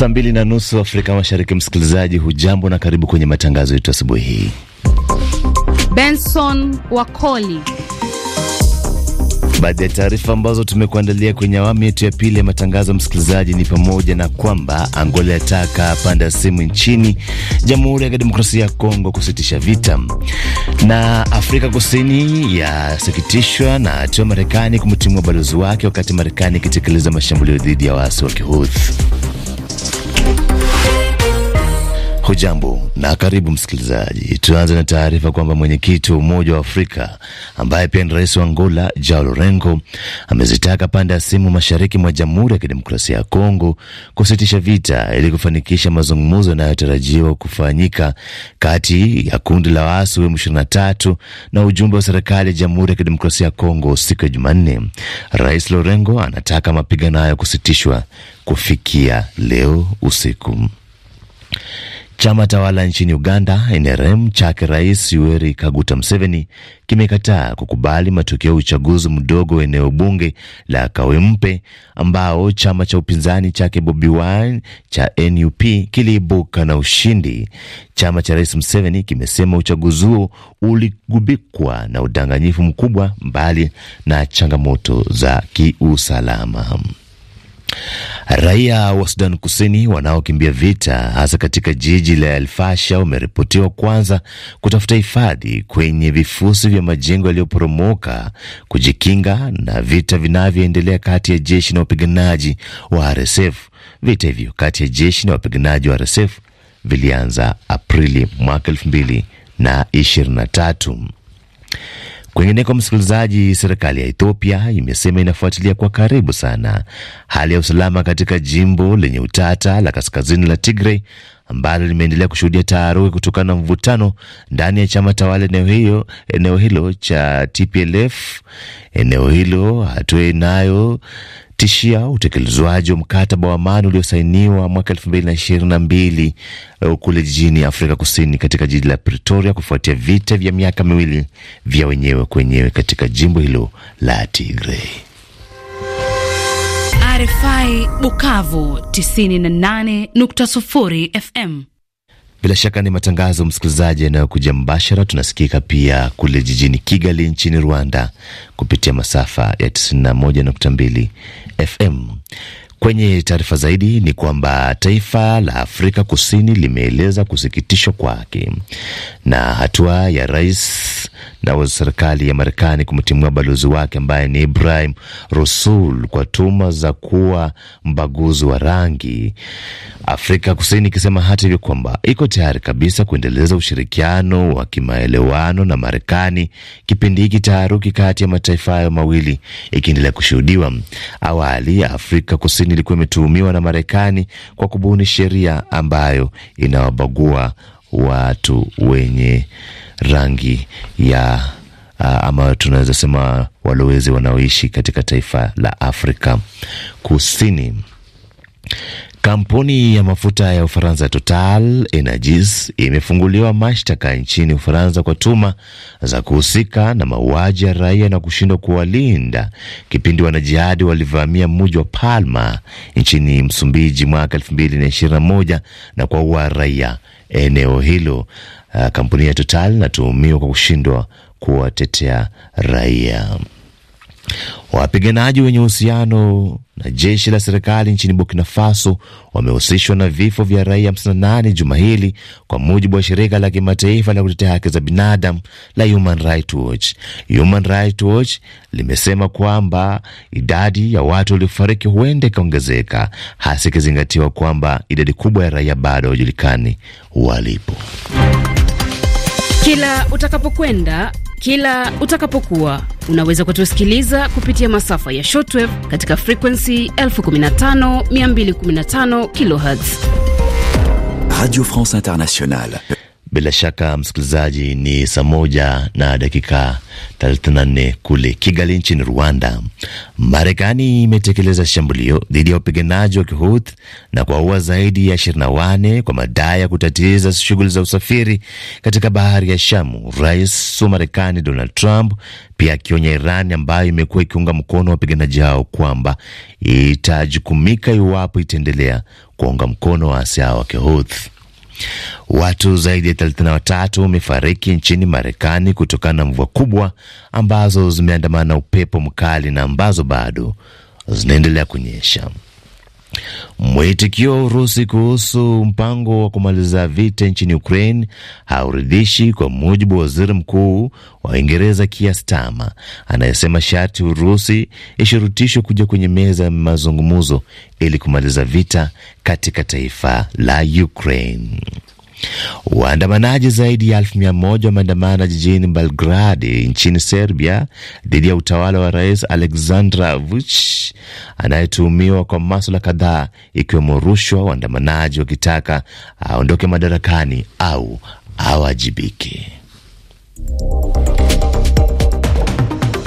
Saa mbili na nusu Afrika Mashariki. Msikilizaji hujambo na karibu kwenye matangazo yetu asubuhi hii. Benson Wakoli, baadhi ya taarifa ambazo tumekuandalia kwenye awamu yetu ya pili ya matangazo, msikilizaji, ni pamoja na kwamba Angola yataka panda simu nchini Jamhuri ya Kidemokrasia ya Kongo kusitisha vita, na Afrika Kusini yasikitishwa na hatua Marekani kumtimua balozi wake, wakati Marekani ikitekeleza mashambulio dhidi ya waasi wa Kihuthi. Hujambo na karibu msikilizaji. Tuanze na taarifa kwamba mwenyekiti wa Umoja wa Afrika ambaye pia ni rais wa Angola, jao lorengo amezitaka pande ya simu mashariki mwa Jamhuri ya Kidemokrasia ya Kongo kusitisha vita ili kufanikisha mazungumzo yanayotarajiwa kufanyika kati ya kundi la waasi wa M23 na ujumbe wa serikali ya Jamhuri ya Kidemokrasia ya Kongo siku ya Jumanne. Rais lorengo anataka mapigano hayo kusitishwa kufikia leo usiku. Chama tawala nchini Uganda, NRM, chake Rais Yoweri Kaguta Museveni kimekataa kukubali matokeo ya uchaguzi mdogo eneo bunge la Kawempe ambao chama cha upinzani chake Bobi Wine cha NUP kiliibuka na ushindi. Chama cha Rais Museveni kimesema uchaguzi huo uligubikwa na udanganyifu mkubwa, mbali na changamoto za kiusalama. Raia wa Sudan Kusini wanaokimbia vita hasa katika jiji la Alfasha wameripotiwa kwanza kutafuta hifadhi kwenye vifusi vya majengo yaliyoporomoka kujikinga na vita vinavyoendelea kati ya jeshi na wapiganaji wa RSF. Vita hivyo kati ya jeshi na wapiganaji wa RSF vilianza Aprili mwaka elfu mbili na ishirini na tatu. Kwingineko msikilizaji, serikali ya Ethiopia imesema inafuatilia kwa karibu sana hali ya usalama katika jimbo lenye utata la kaskazini la Tigray ambalo limeendelea kushuhudia taharuki kutokana na mvutano ndani ya chama tawala eneo hiyo eneo hilo cha TPLF. Eneo hilo hatua inayo kutishia utekelezwaji wa mkataba wa amani uliosainiwa mwaka elfu mbili na ishirini na mbili uh, kule jijini Afrika Kusini katika jiji la Pretoria kufuatia vita vya miaka miwili vya wenyewe kwenyewe katika jimbo hilo la tigrei RFI Bukavu 98.0 FM. Bila shaka ni matangazo msikilizaji, yanayokuja mbashara. Tunasikika pia kule jijini Kigali nchini Rwanda kupitia masafa ya 91.2 FM. Kwenye taarifa zaidi ni kwamba taifa la Afrika Kusini limeeleza kusikitishwa kwake na hatua ya rais na serikali ya Marekani kumtimua balozi wake ambaye ni Ibrahim Rasool kwa tuhuma za kuwa mbaguzi wa rangi, Afrika Kusini ikisema hata hivyo kwamba iko tayari kabisa kuendeleza ushirikiano wa kimaelewano na Marekani kipindi hiki taharuki kati ya mataifa hayo mawili ikiendelea kushuhudiwa. Awali Afrika Kusini Sweden ilikuwa imetuhumiwa na Marekani kwa kubuni sheria ambayo inawabagua watu wenye rangi ya uh, ama tunaweza sema walowezi wanaoishi katika taifa la Afrika Kusini. Kampuni ya mafuta ya Ufaransa Total Energies imefunguliwa mashtaka nchini Ufaransa kwa tuma za kuhusika na mauaji ya raia na kushindwa kuwalinda kipindi wanajihadi walivamia mji wa Palma nchini Msumbiji mwaka 2021 na kuwaua raia eneo hilo. Uh, kampuni ya Total inatuhumiwa kwa kushindwa kuwatetea raia. Wapiganaji wenye uhusiano na jeshi la serikali nchini Burkina Faso wamehusishwa na vifo vya raia 58 juma hili, kwa mujibu wa shirika la kimataifa la kutetea haki za binadamu la Human Rights Watch. Human Rights Watch limesema kwamba idadi ya watu waliofariki huenda ikaongezeka, hasa ikizingatiwa kwamba idadi kubwa ya raia bado hawajulikani walipo. Kila utakapokwenda kila utakapokuwa. Unaweza kutusikiliza kupitia masafa ya shortwave katika frequency 15215 kilohertz. Radio France Internationale. Bila shaka msikilizaji, ni saa moja na dakika 34 kule Kigali nchini Rwanda. Marekani imetekeleza shambulio dhidi ya wapiganaji wa kihut na kuwaua zaidi ya 24 kwa madai ya kutatiza shughuli za usafiri katika bahari ya Shamu, rais wa Marekani Donald Trump pia akionya iran ambayo imekuwa ikiunga mkono wapiganaji hao kwamba itajukumika iwapo itaendelea kuunga mkono waasi hao wa kihut Watu zaidi ya 33 wamefariki nchini Marekani kutokana na mvua kubwa ambazo zimeandamana upepo mkali na ambazo bado zinaendelea kunyesha. Mwitikio wa Urusi kuhusu mpango wa kumaliza vita nchini Ukraine hauridhishi, kwa mujibu wa waziri mkuu wa Uingereza Keir Starmer anayesema sharti Urusi ishurutishwe kuja kwenye meza ya mazungumzo ili kumaliza vita katika taifa la Ukraine. Waandamanaji zaidi ya elfu mia moja wameandamana jijini Belgradi nchini Serbia dhidi ya utawala wa Rais alexandra Vuch anayetuhumiwa kwa maswala kadhaa ikiwemo rushwa, waandamanaji wakitaka aondoke madarakani au awajibike.